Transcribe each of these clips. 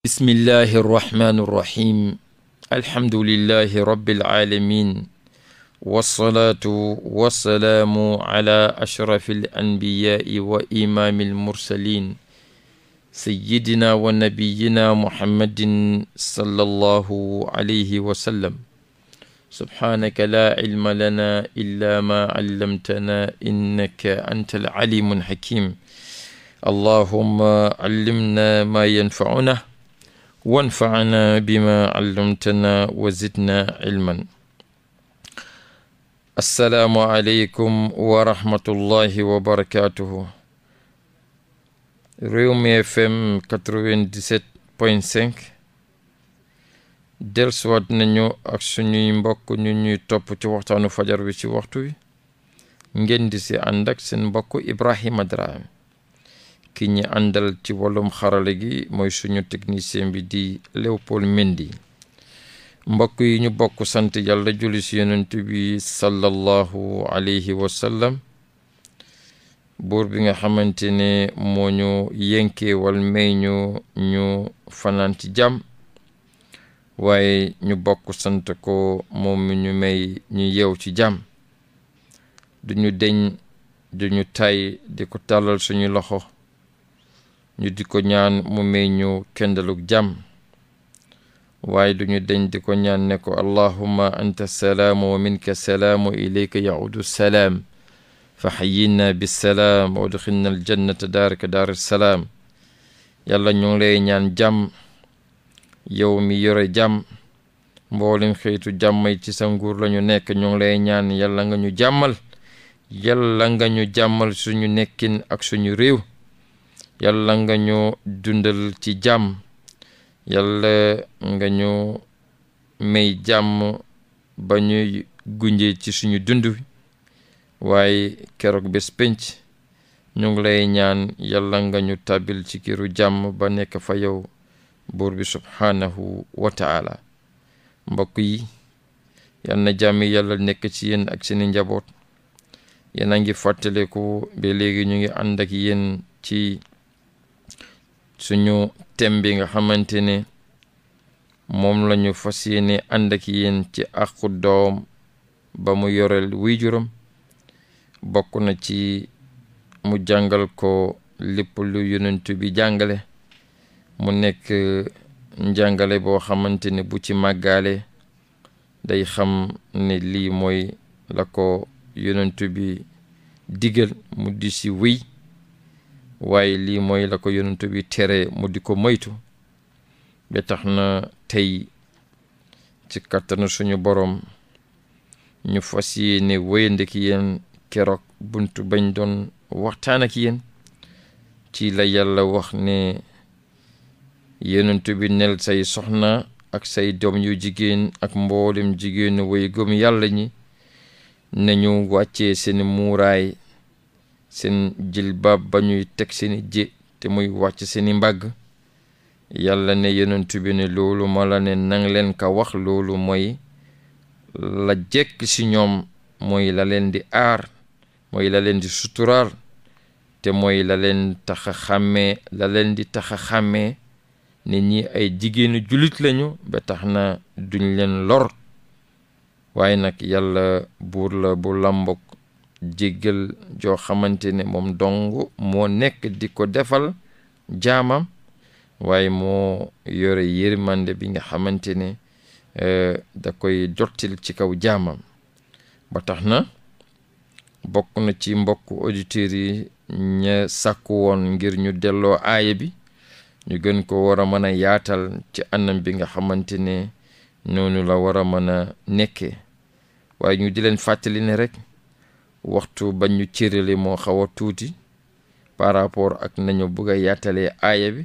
bismillahi irrahmani irrahim alhamdulilahi rabiilalamin walsalaatu walsalaamu ala ashrafi alanbiyaai wa imaami almursalin sayidina wa nabiyina muhammadin sala allahu alayhi wasallam subhaanaka laa cilma lana illa ma callamtana innaka anta alcalimu alxakim allahumma callimna ma yanfacuna wanfaana bima allamtana wa zidna ilman assalaamu aleykum wa rahmatullahi wa barakatuhu Rewmi FM 97.5 delsuwaat nañu ak suñuy mbokk ñu ñuy topp ci waxtaanu fajar wi ci waxtu wi ngeen di si ànd seen mbokk Ibrahima Drame ki ñi àndal ci wàllum xarala gi mooy suñu technicien bi di Léopold Mendy mbokk yi ñu bokk sant yàlla julli si yonent bi sallallahu alayhi wa buur bi nga xamante ne moo ñu wal may ñu ñu fanaan ci jàmm waaye ñu bokk sant ko moom mi ñu may ñu yeew ci jàmm duñu deñ duñu tay di ko tàllal suñu loxo ñu di ko ñaan mu may ñu kendalug jàmm waaye duñu deñ di ko ñaan ne ko allahumma anta salaamu wa minka salaamu ilayka yaudu salaam fa xayinna bisalaam wa adxilna aljannata daaraka daar salaam yàlla ñu ngi lay ñaan jàmm yow mi yore jàmm mboolim xeetu jàmmay ci sa nguur lañu nekk ñu ngi lay ñaan yàlla nga ñu jàmmal yàlla nga ñu jàmmal suñu nekkin ak suñu réew yàlla nga ñu dundal ci jàmm yàlla nga ñu may jàmm ba ñuy gunje ci suñu dund waaye keroog bés pénc ñu ngi lay ñaan yàlla nga ñu tàbbil ci kiru jàmm ba nekk fa yow buur bi subhaanahu wa mbokk yi yal na jàmm yàlla nekk ci yenn ak seeni njaboot yéen a ngi fàttaleku ba léegi ñu ngi ànd ak ci suñu thème bi nga xamante ne moom lañu fas yéene ànd ak yéen ci àqu doom ba mu yoreel wuy juróom bokk na ci mu jàngal ko lépp lu yonent bi jàngale mu nekk njàngale boo xamante ne bu ci màggaale day xam ni lii mooy la ko yonent bi digal mu di si wéy waaye lii mooy la ko yonent bi tere mu di ko moytu ba tax na tey ci kattanu suñu boroom ñu fas yéene wéyande ki yéen keroog bunt bañ doon waxtaan ak yéen ci la yàlla wax ne yonent bi nel say soxna ak say doom yu jigéen ak mboolem jigéenu way gëm yàlla ñi nañu wàccee seen muuraay seen jilbaab ba ñuy teg seeni jé te muy wàcc seeni mbàgg yàlla ne yonent bi ne loolu ma la ne nang leen ko wax loolu mooy la jekk ci ñoom mooy la leen di aar mooy la leen di suturaal te mooy la leen tax xàmmee la leen di tax a xàmmee ne ñi ay jigéenu julit lañu ba tax na duñ leen lor waaye nag yàlla buur la bu làmbok jéggal joo xamante ne moom dong moo nekk di ko defal jaamam waaye moo yore yërmande bi nga xamante ne euh, da koy dottil ci kaw jaamam ba tax na bokk na ci mbokk auditeurs yi ña sàkku woon ngir ñu delloo aaya bi ñu gën ko war a mën a yaatal ci anam bi nga xamante ne noonu la war a mën a nekkee waaye ñu di leen fàttali ne rek waxtu bañ ñu li moo xaw a tuuti par rapport ak nañu bëgg a yaatalee aaya bi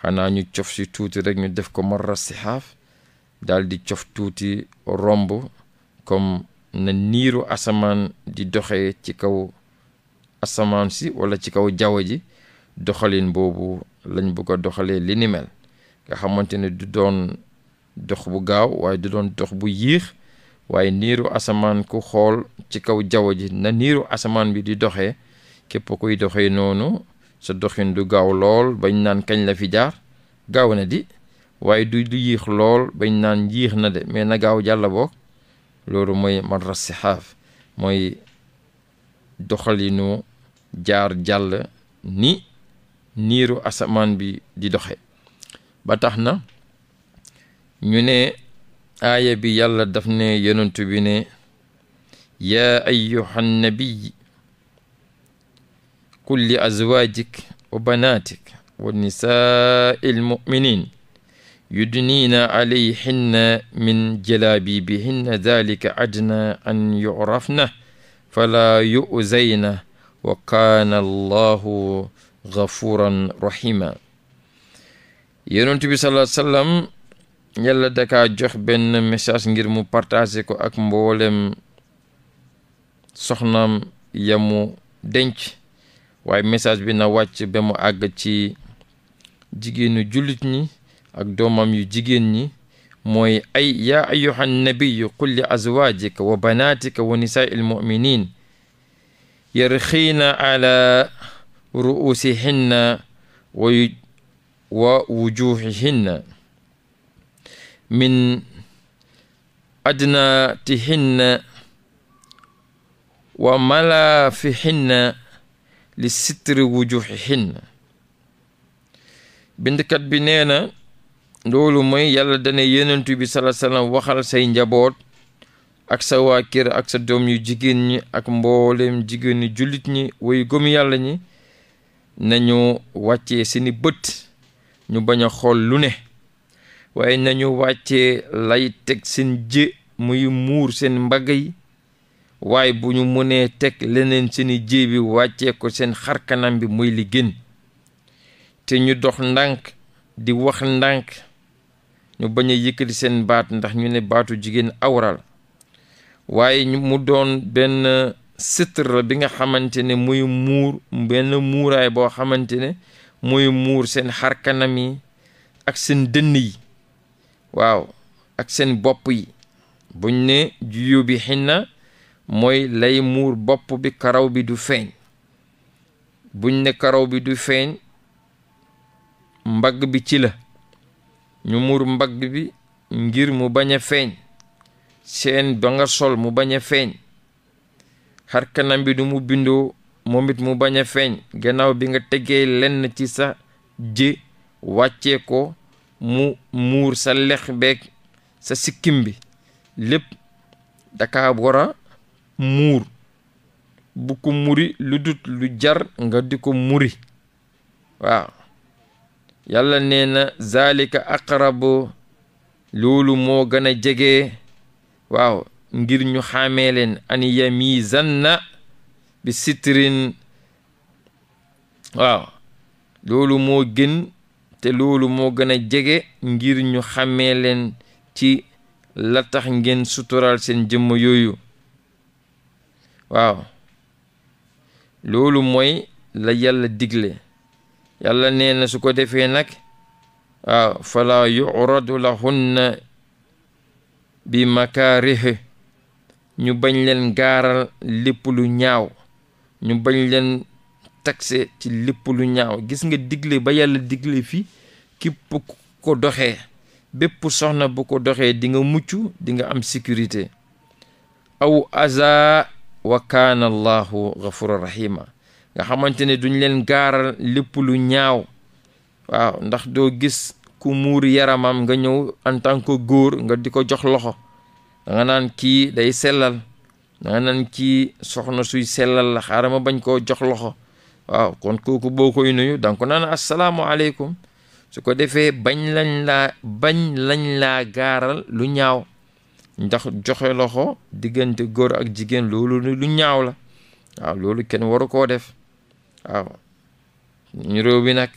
xanaa ñu cof si tuuti rek ñu def ko marra sixaaf daal di cof tuuti romb comme na niiru asamaan di doxee ci kaw asamaan si wala ci kaw jaww ji doxalin boobu lañ bëgg doxalee linimel nga xamante ne du doon dox bu gaaw waaye du doon dox bu yiix waaye niiru asamaan ku xool ci kaw jaww ji na niiru asamaan bi di doxe képp kuy doxee noonu sa doxin du gaaw lool bañ naan kañ la fi jaar gaaw na di waaye du du lool bañ naan yéex na de mais na gaaw jàll boog loolu mooy madras sixaaf mooy doxalinu jaar jàll ni niiru asamaan bi di doxe ba tax na ñu ne aaya bi yàlla daf ne yonentu bi ne yaa ayyuhan nabiy qul li azwaajik wa banaatik wa nisaa'il mu'miniin yudniina alayhinna min jalaabiibihinna daalika adnaa an yu'rafna falaa yu'zayna wa kaana allahu gafuuran rahiima yonent bi sallallahu alayhi wa sallam yàlla dakaa jox benn message ngir mu partager ko ak mboolem soxnam yamu denc waaye message bi na wàcc ba mu àgg ci jigéenu jullit ñi ak doomam yu jigéen ñi mooy ay yaa ayyuhan nabiyyu qul li azwaajika wa banaatika wa nisaa'il mu'miniin yarxiina ala ru'uusihinna wa wujuuhihinna min adnaatihinna wa na li sitri wujuhihinna bindkat bi neena na loolu mooy yàlla dane yenentu bi salaa salaam waxal say njaboot ak sa waa ak sa doom yu jigéen ñi ak mboolem jigéen ñi jullit ñi woy gëm yàlla ñi nañu wàccee seeni bët ñu bañ a xool lu ne waaye nañu wàccee lay teg seen jë muy muur seen mbagg yi waaye bu ñu mënee teg leneen seeni jë bi wàccee ko seen xarkanam bi muy li gën te ñu dox ndànk di wax ndànk ñu bañ a yëkkati seen baat ndax ñu ne baatu jigéen awral waaye mu doon benn sitr la bi nga xamante ne muy muur benn muuraay boo xamante ne muy muur seen xarkanam yi ak seen dënn yi waaw ak seen bopp yi buñ ne juyu bi na mooy lay muur bopp bi karaw bi du feeñ buñ ne karaw bi du feeñ mbagg bi ci la ñu muur mbagg bi ngir mu bañ a feeñ seen ba nga sol mu bañ a feeñ xar kanam bi du mu bindoo moom mu bañ a feeñ gannaaw bi nga tegee lenn ci sa jë wàccee ko mu muur sa lex beeg sa sikkim bi lépp daka war muur bu ko muri lu dut lu jar nga di ko muri waaw yàlla nee zalika aqrabu loolu moo gën a jege waaw ngir ñu xaamee leen an yamizanna bi sitrin waaw loolu moo gën te loolu moo gën a jege ngir ñu xàmmee leen ci la tax ngeen sutural seen jëmm yooyu waaw loolu mooy la yàlla digle yàlla nee su ko defee nag waaw falaa yuradu lahunna bi makaarihi ñu bañ leen gaaral lépp lu ñaaw ñu bañ leen taxé ci lépp lu ñaaw gis nga digle ba yàlla digle fi képp ko doxee bépp soxna bu ko doxee di nga mucc di nga am sécurité aw aza wa kaana allahu gafura rahima nga xamante ne duñ leen gaaral lépp lu ñaaw waaw ndax doo gis ku muur yaramam nga ñëw en tant que góor nga di ko jox loxo da nga naan kii day sellal da nga naan kii soxna suy sellal la xaaral ma bañ koo jox loxo waaw kon kooku boo koy nuyu danga ko naan asalaamaaleykum su ko defee bañ lañ laa bañ lañ laa gaaral lu ñaaw ndax joxe loxo diggante góor ak jigéen loolu lu ñaaw la waaw loolu kenn waru koo def waaw ñu réew bi nag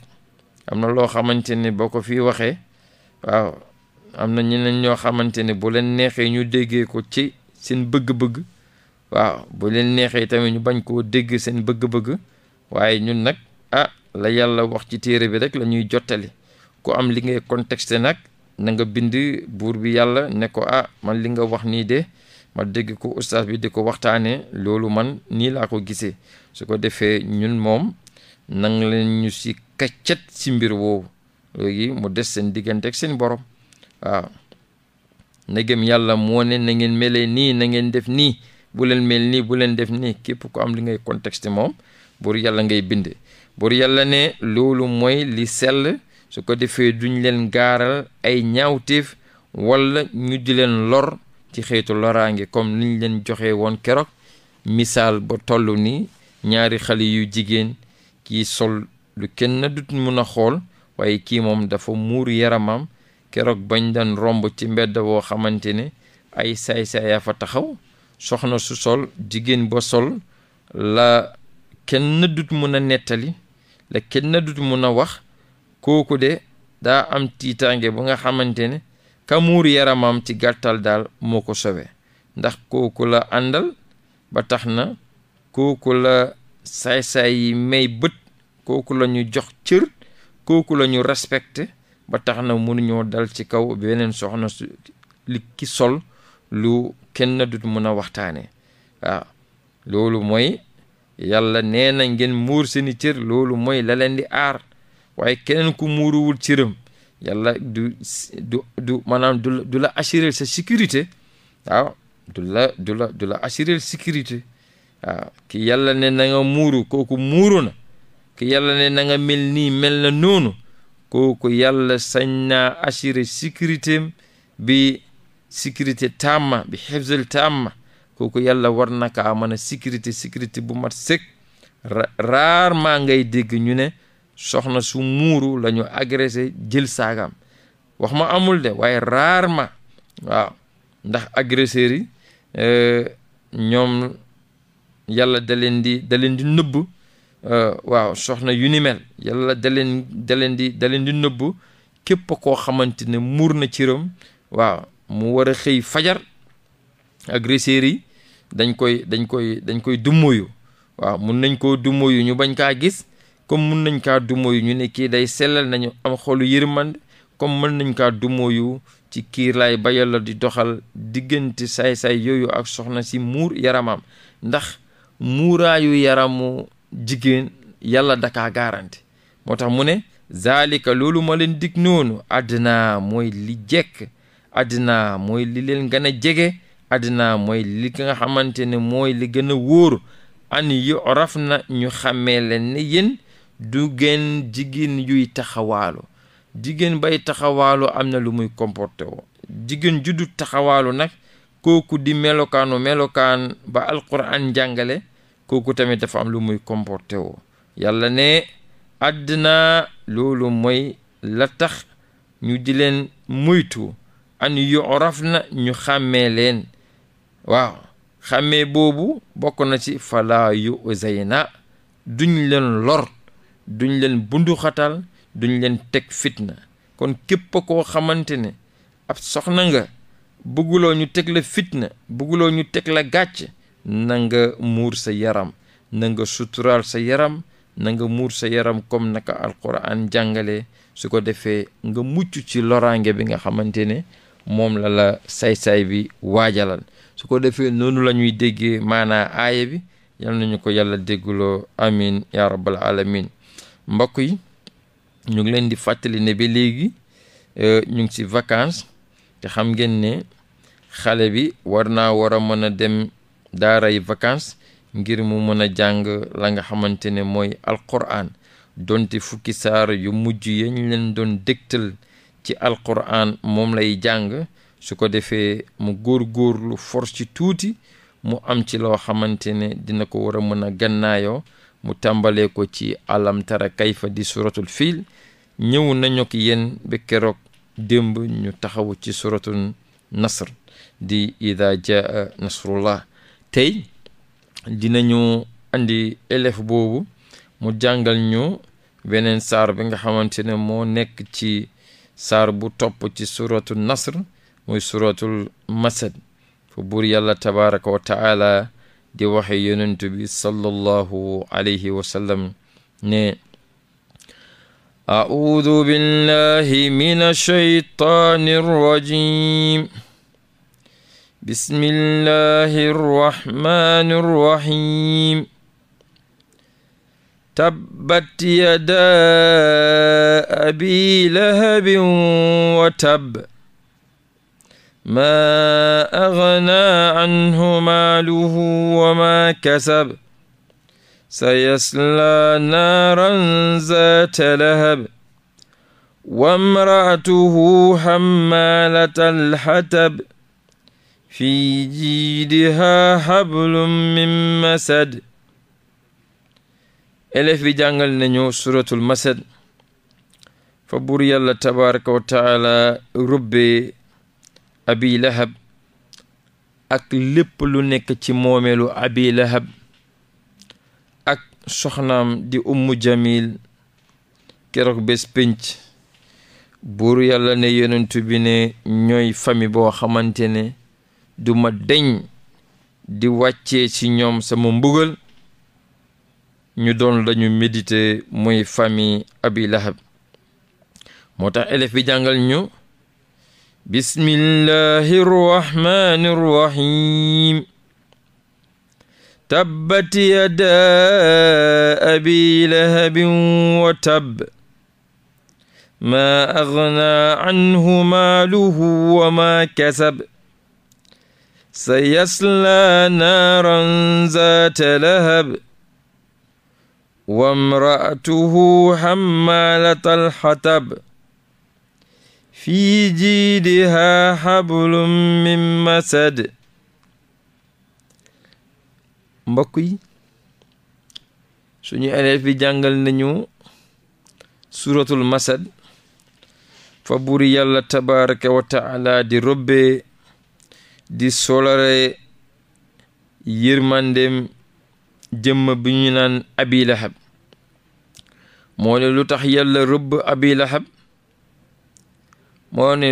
am na loo xamante ne boo ko fii waxee waaw am na ñeneen ñoo xamante ne bu leen neexee ñu déggee ko ci seen bëgg-bëgg waaw bu leen neexee tamit ñu bañ koo dégg seen bëgg-bëgg waaye ñun nag ah la yàlla wax ci téere bi rek la ñuy jottali ku am li ngay contexte nag nanga bind buur bi yàlla ne ko ah man li nga wax nii de ma dégg ko ustaas bi di ko waxtaanee loolu man nii laa ko gisee su ko defee ñun moom nang leen ñu si kaccat si mbir woowu léegi mu des seen diggante seen borom waaw ndegem yàlla moo ne na ngeen melee nii na ngeen def nii bu leen mel nii bu leen def nii képp ku am li ngay contexte moom buur yàlla ngay bind buur yàlla ne loolu mooy li sell su ko defee duñ leen gaaral ay ñaawteef walla ñu di leen lor ci xeetu loraange comme niñ leen joxe woon keroog misaal ba toll ni ñaari xale yu jigéen kii sol lu kenn dut mun a xool waaye kii moom dafa muur yaramam keroog bañ daan romb ci mbedd woo xamante ne ay saay-saaya fa taxaw soxna su sol jigéen ba sol la kenn dut mun a nettali la kenn dut mun a wax kooku de daa am tiitaange bu nga xamante ne kamuur yaramam ci gàttal daal moo ko sowe ndax kooku la àndal ba tax na kooku la saay-saay yi may bët kooku la ñu jox cër kooku la ñu respecté ba tax na mënuñoo dal ci kaw beneen soxna su li ki sol lu kenn dut mun a waxtaane waaw loolu mooy yàlla nee na ngeen muur seeni cër loolu mooy la leen di aar waaye keneen ku muuruwul cëram yàlla du du du maanaam du la du la assurer sa sécurité waaw la du la du la assurer sécurité waaw ki yàlla ne na nga muuru kooku muuru na ki yàlla ne nanga mel nii mel na noonu kooku yàlla sañ naa assurer sécurité bi sécurité tàmma bi xefsel tàmma kooku yàlla war na kaa mën a sécurité sécurité bu mat sëkk maa ngay dégg ñu ne soxna su muuru lañu ñu agressé jël saagam wax ma amul de waaye ma waaw ndax agresseurs yi euh, ñoom yàlla da leen di da leen di nëbb euh, waaw soxna yu ni mel yàlla da da leen di da leen di nëbb képp koo xamante ne muur na ciram waaw mu war xëy fajar agresseurs yi dañ koy dañ koy dañ koy dummuyu waaw mun nañ koo dummuyu ñu bañ kaa gis comme mun nañ kaa dummuyu ñu ne kii day sellal nañu am xolu yërmande comme mën nañ kaa dummuyu ci kiirlaay ba yàlla di doxal diggante saay-saay yooyu ak soxna si muur yaramam ndax muuraayu yaramu jigéen yàlla daka garanti moo tax mu ne zaalika loolu ma leen dig noonu àddina mooy li jekk àddina mooy li leen gën a jege adnaa mooy li nga xamante ni mooy li gën a wóor an yu raf na ñu xàmmee leen ne yéen du ngeen jigéen yuy taxawaalu jigéen bay taxawaalu am na lu muy comporté woo jigéen ju du taxawaalu nag kooku di melokaanu melokaan ba alquran jàngale kooku tamit dafa am lu muy comporté woo yàlla ne àddina loolu mooy la tax ñu di leen muytu an yu raf na ñu xàmmee leen waaw xàmmee boobu bokk na ci fala yu zeyna duñ leen lor duñ leen bunduxatal duñ leen teg fitna kon képp koo xamante ne ab soxna nga bëgguloo ñu teg la fitna bëgguloo ñu teg la gàcc nanga muur sa yaram na nga suturaal sa yaram nanga muur sa yaram comme naka alquran jàngale su ko defee nga mucc ci loraange bi nga xamante ne moom la la say-say bi waajalal su ko defee noonu la ñuy déggee maanaa aaya bi yal nañu ko yàlla déggloo amin ya rabbal alamin mbokk yi ñu ngi leen di fàttali ne ba léegi e, ñu ngi ci vacances te xam ngeen ne xale bi war naa war a mën a dem daaray vacances ngir mu mën a jàng la nga xamante ne mooy alquran donte fukki saar yu mujj yañ leen doon dégtal ci alquran moom lay jàng su ko defee mu góor-góorlu force ci tuuti mu am ci loo xamante ne dina ko war a mën a gannaayoo mu tàmbalee ko ci alam kayfa di suratul fiil ñëw nañu ki yéen ba keroog démb ñu taxaw ci suratul nasr di ida jaa nasrullah tey dinañu indi élève boobu mu jàngal ñu beneen saar bi nga xamante ne moo nekk ci saar bu topp ci suratul nasr muy suratul masad fu buur yàlla tabaraka wa taala di waxe yonent bi sallallahu alayhi wa sallam ne a'uudu billahi mina shaytaani rajim bismillahi rahmaani rahim tabbat yada abi lahabin wa tab ma aghna anhu maaluhu wa ma kasab sayasla naaran zaata lahab wa mraatuhu hammalatal hatab fi jiidiha hablum min masad élève bi jàngal nañu suratul masad fa buur yàlla tabaraka wa taala rubbe abi lahab ak lépp lu nekk ci moomeelu abi lahab ak soxnaam di ummu jamil keroog bés pénc buur yàlla na yonent bi ne ñooy fami boo xamante ne du ma deñ di wàccee ci ñoom sama mbugal ñu doon lañu méditer muy famille abi lahab moo tax élève jàngal ñu bismillahi rrahmani rrahim tabbat yada abi lahabin wa agna anhu maaluhu wa ma kasab sayasla naaran zaata lahab wa mraatuhu hammalatal hatab fi jiidihaa hablum min masad mbokk yi suñu élève bi jàngal nañu suratul masad fa buri yàlla tabaraka wa di robbe di solare yërmandem jëmm bi ñu naan abi moo ne lu tax yàlla rëbb abi lahab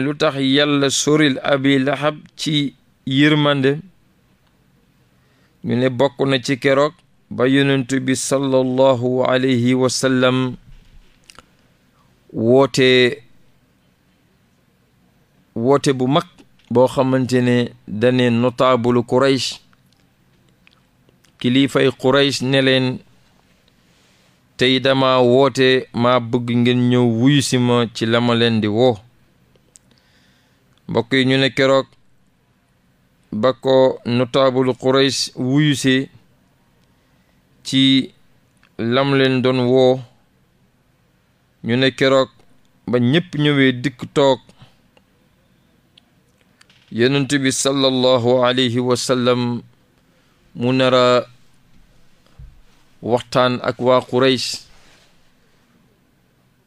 lu tax yàlla soril abi lahab ci yërmande ñu ne bokk na ci keroog ba yonent bi sallallahu alayhi wa woote bu mag boo xamante ne dane notaabul Quraysh kilifay Quraysh ne tey dama woote ma bëgg ngeen ñëw wuyu si ma ci la leen di woo mbokk yi ñu ne keroog ba ko notable Quraysh wuyu ci lam leen doon woo ñu ne keroog ba ñépp ñëwee dikk toog yonent tibi sallallahu alayhi wa mu nara waxtaan ak waa Quraysh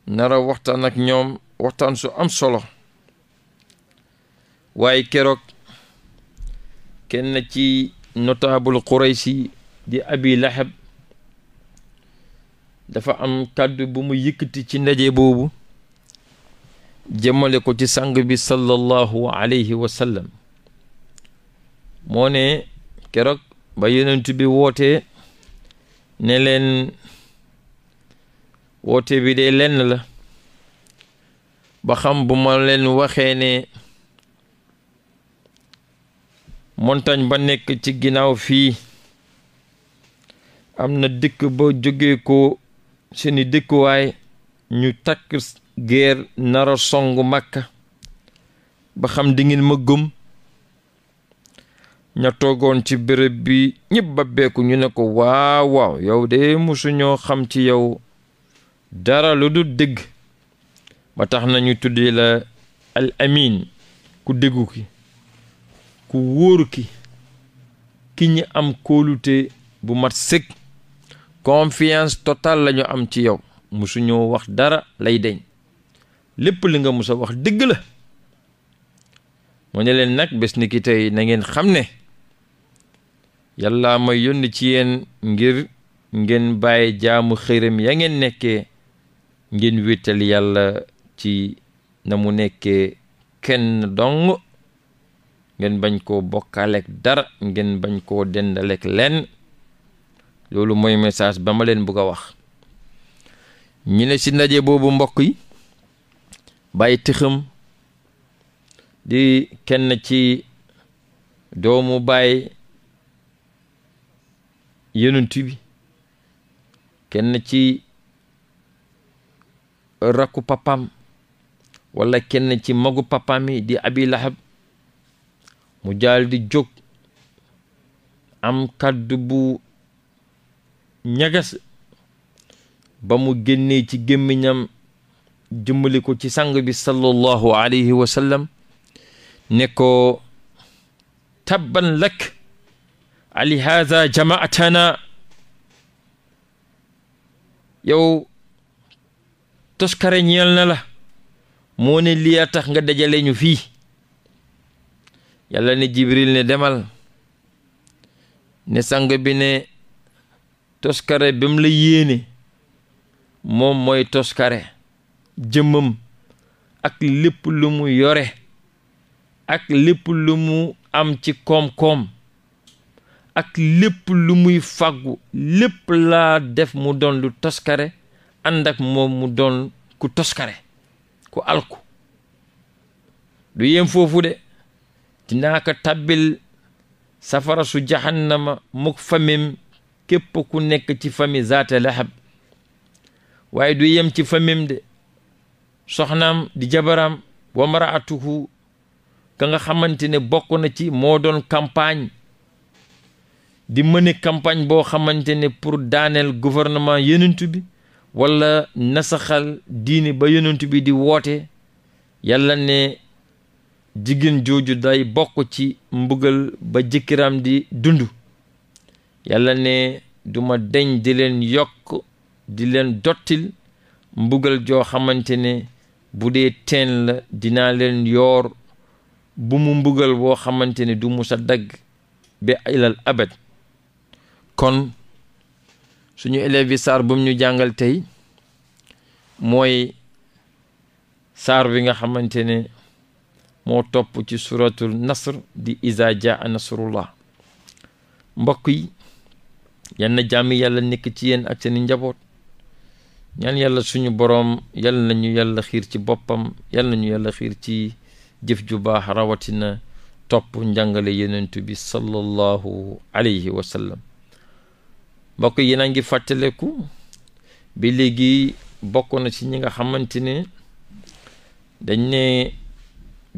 nara waxtaan ak ñoom waxtaan su am solo waaye keroog kenn ci notable Quraysh yi di Abi Lahab dafa am kàddu bu mu yëkkati ci ndaje boobu jëmale ko ci sang bi sallallahu alayhi wa sallam moo keroog ba yonent bi woote ne leen woote bi de lenn la ba xam bu ma leen waxee ne montagne ba nekk ci ginnaaw fii am na dëkk ba jógee ko seeni dëkkuwaay ñu takk geer nara song màkka ba xam di ma gëm ña toogoon ci bërëb bi ñëpp babbeeku ñu ne ko waaw waaw yow de musuñoo xam ci yow dara lu du dégg ba tax nañu tuddee la al amin ku déggu ki ku wóoru ki ki ñi am kóolute bu mat sëg confiance totale lañu am ci yow musuñoo wax dara lay deñ lépp li nga musa wax dëgg la mu ne leen nag bés ni ki tey na ngeen xam ne yàlla ma yónni ci yéen ngir ngeen bàyyi jaamu xëram ya ngeen nekkee ngeen wétal yàlla ci na mu nekkee kenn dong ngeen bañ koo bokkaaleek dara ngeen bañ koo dendaleek lenn loolu mooy message ba ma leen bëgg a wax ñu ne ci ndaje boobu mbokk yi bàyyi tëxam di kenn ci doomu bàyyi yonent bi kenn ci rakku papaam wala kenn ci magu papaam di abi lahab mu jaal di jóg am kàddu bu ñagas ba mu génnee ci gémmiñam jëmmali ko ci sang bi sallallahu alayhi wa ne ko tabban lakk ali haada jamaatana yow toskare ñeel na la moo ne lii a tax nga dajale ñu fi yàlla ne jibril ne demal ne sang bi ne toskare ba mu la yéene moom mooy toskare jëmmam ak lépp lu mu yore ak lépp lu mu am ci koom-koom ak lépp lu muy fàggu lépp laa def mu doon lu toskare ànd moom mu doon ku toskare ku alku du yem foofu de dinaa ko tabbil safara su jahannama muk famim képp ku nekk ci fami zaata lahab waaye du yem ci famim de soxnaam di jabaram wa maraatuhu ka nga xamante ne bokk na ci moo doon campagne di mëne campagne boo xamante ne pour daaneel gouvernement yenentu bi wala nasaxal diine ba yenentu bi di woote yàlla ne jigéen jooju day bokk ci mbugal ba jëkkëram di dund yàlla ne duma deñ di leen yokk di leen dottil mbugal joo xamante ne bu dee teen la dinaa leen yoor bu mu mbugal boo xamante ne du musa dagg ba ilal abad kon suñu élèves yi saar bu mu ñu jàngal tey mooy saar bi nga xamante ne moo topp ci suratul nasr di iza jaa nasrullah mbokk yi yal na jàmm yàlla nekk ci yéen ak seeni njaboot ñaan yàlla suñu boroom yal nañu yàlla xiir ci boppam yal nañu yàlla xiir ci jëf ju baax rawatina topp njàngale yenentu bi sallallahu alayhi wa mbokk yi na ngi fàttaleku bi léegi bokk na ci ñi nga xamante ne dañ ne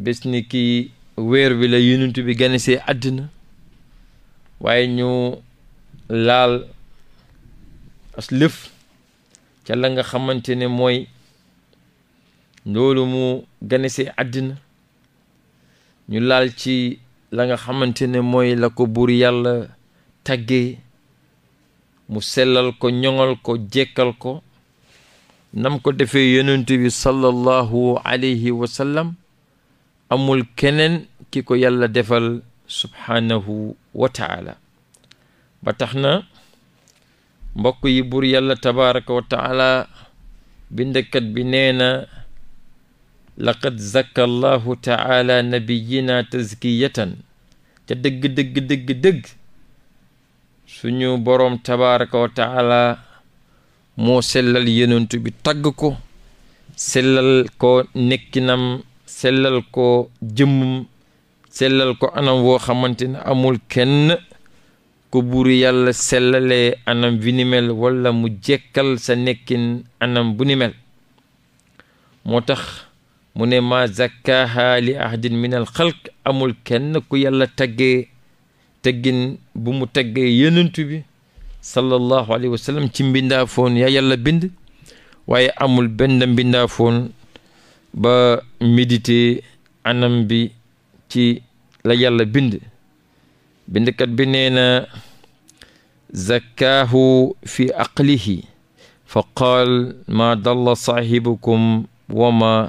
bés ni ki weer wi la yonent bi ganesee àddina waaye ñu laal as lëf ca la nga xamante ne mooy loolu mu ganesee àddina ñu laal ci la nga xamante ne mooy la ko buur yàlla taggee mu sellal ko ñoŋal ko jekkal ko nam ko defee yonent bi sallallahu alayhi wa amul keneen ki ko yàlla defal subhaanahu wa taala ba tax na mbokk yi buur yàlla tabaraka wa taala bindkat bi nee na laqad zakka allahu taala nabiyina tazkiyatan te dëgg dëgg dëgg dëgg suñu borom tabaraka wa moo sellal yenentu bi tagg ko sellal ko nekkinam sellal ko jëmmam sellal ko anam woo xamante ne amul kenn ko buuru yàlla sellale anam bi ni wala mu jekkal sa nekkin anam bu ni moo tax mu ne ma zakkaaha li ahadin min xalq amul kenn ku yàlla taggee teggin bu mu teggee yenentu bi sallallahu alayhi wa sallam ci mbindaafoon yaa yàlla bind waaye amul benn mbindaafoon ba méditer anam bi ci la yàlla bind bindkat bi nee na zakkaahu fi aqlihi fa qaal maa dalla saahibukum wa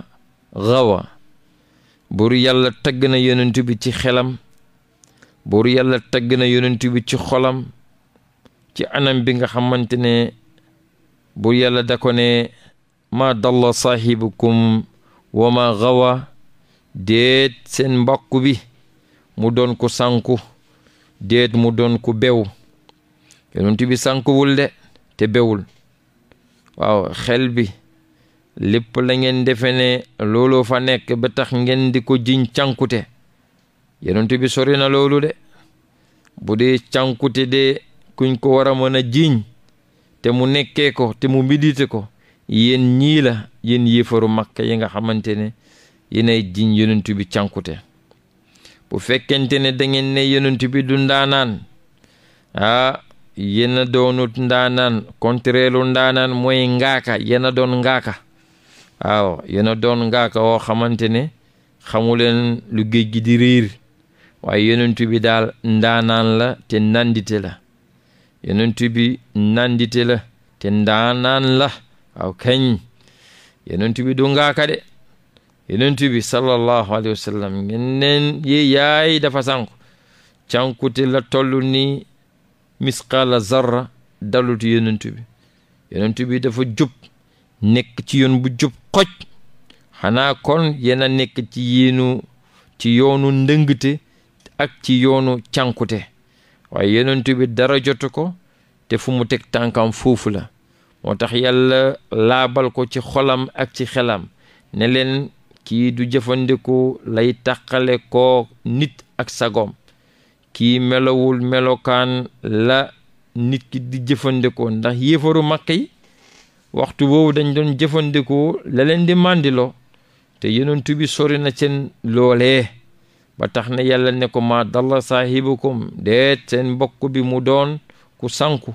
gawa buru yàlla tagg na yonent ci xelam buur yàlla tagg na yonent bi ci xolam ci anam bi nga xamante ne buur yàlla da ko ne maa dalla saahibukum wa ma gawa déet seen mbokk bi mu doon ko sànku déet mu doon ko bew yonent bi sànkuwul de te bewul waaw xel bi lépp la ngeen defe ne looloo fa nekk ba tax ngeen di ko jin cànkute yonent bi sori na loolu de bu dee cànkute de kuñ ko war a mën a jiiñ te mu nekkee ko te mu midite ko yéen ñii la yéen yéefaru makka yi nga xamante ne yéenay jiñ yonent bi cànkute bu fekkente ne da ngeen ne yonent bi du ndaanaan ah yéen a doonut ndaanaan kontreelu ndaanaan mooy ngaaka yéen doon ngaaka waaw yéen doon ngaaka woo xamante ne xamuleen lu géej gi di riir waa yonentu bi daal ndaanaan la te nandite la yonentu bi nandite la te ndaanaan la waaw kañ bi du ngaaka de yonentu bi sallallahu alayhi wa sallam ngeen yaay dafa sànku cànkute la toll ni misqaala zarra dalutu yonentu bi bi dafa jub nekk ci yoon bu jub xoj kon yena nekk ci yéenu ci yoonu ndëngte ak ci yoonu cànkute waaye yonent bi dara jotu ko te fu mu teg tànkam foofu la moo tax yàlla laabal ko ci xolam ak ci xelam ne leen kii du jëfandikoo lay taqale koo nit ak sagoom kii melowul melokaan la nit ki di jëfandikoo ndax yéefaru màkk yi waxtu woowu dañ doon jëfandikoo la leen di màndiloo te yonent bi sori na seen loolee ba tax na yàlla ne ko ma dalla saahibukum déet seen mbokk bi mu doon ku sanku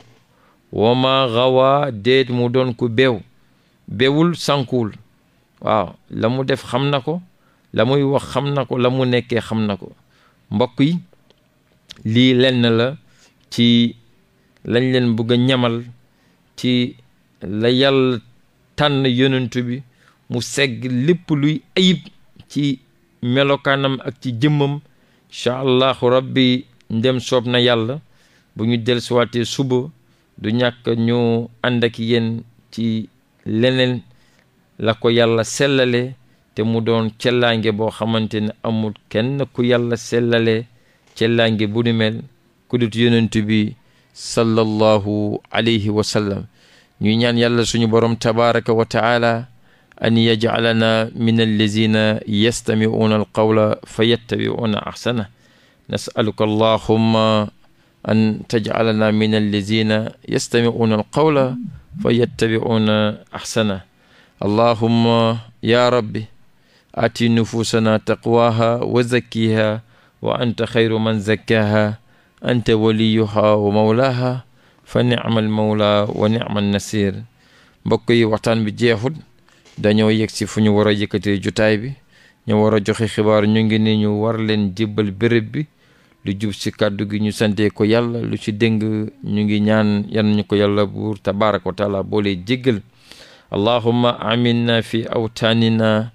woma ma gawa mu doon ku beew bewul sankuwul waaw la mu def xam na ko la muy wax xam na ko la mu nekkee xam na ko mbokk yi lii lenn la ci lañ leen bëgg a ñamal ci la yàlla tànn yonent bi mu segg lépp luy ayib ci melokaanam ak ci jëmmam incha allahu rabbi ndem soob na yàlla bu ñu dellusiwaatee suba du ñàkk ñu ànd ak ci leneen la ko yàlla sellale te mu doon cellaange boo xamante ne amul kenn ku yàlla sellale cellaange bu ni mel ku dut bi sallallahu alayhi wa sallam ñaan yàlla suñu borom tabaraka wa an yajcalana min allazina yastamicuuna alqawla fa yattabicuuna axsana nasaluka allahumma an tajcalana min allazina yastamicuuna alqawla fa yattabicuuna axsana allahumma ya rabbi aati nufuusana taqwaha wa zakkiha wa anta xayru man zakkaha anta waliyuha wa mawlaha fa nicma almawla wa nicma annasir mbokk yi waxtaan bi jeexut dañoo yegg ci fu ñu war a yëkkatee jotaay bi ñu war a joxe xibaar ñu ngi ne ñu war leen jébbal béréb bi lu jub si kàddu gi ñu sante ko yàlla lu ci dëng ñu ngi ñaan yan ñu ko yàlla buur tabaaraka wa taala boolee allahumma aminna fi awtaanina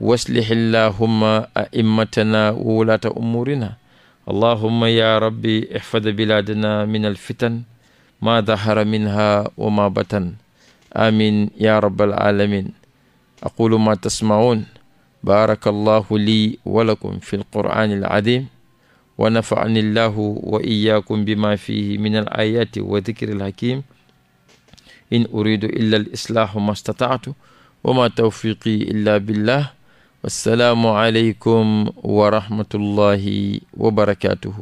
waslih illahumma a'immatana wa wulaata umurina allahumma ya rabbi ihfad biladana min alfitan ma dahara minha wa ma batan amin ya rabbal alamin aqulu ma tasmaun baarakallahu lii walakum fi lqur'ani alazim wa nafaani llahu wa iyakum bima fihi min al ayati wa dikri alhakim in uridu illa al islaahu ma stataatu wa ma tawfiqi illa billah wassalaamu aleykum wa rahmatullahi wa barakatuhu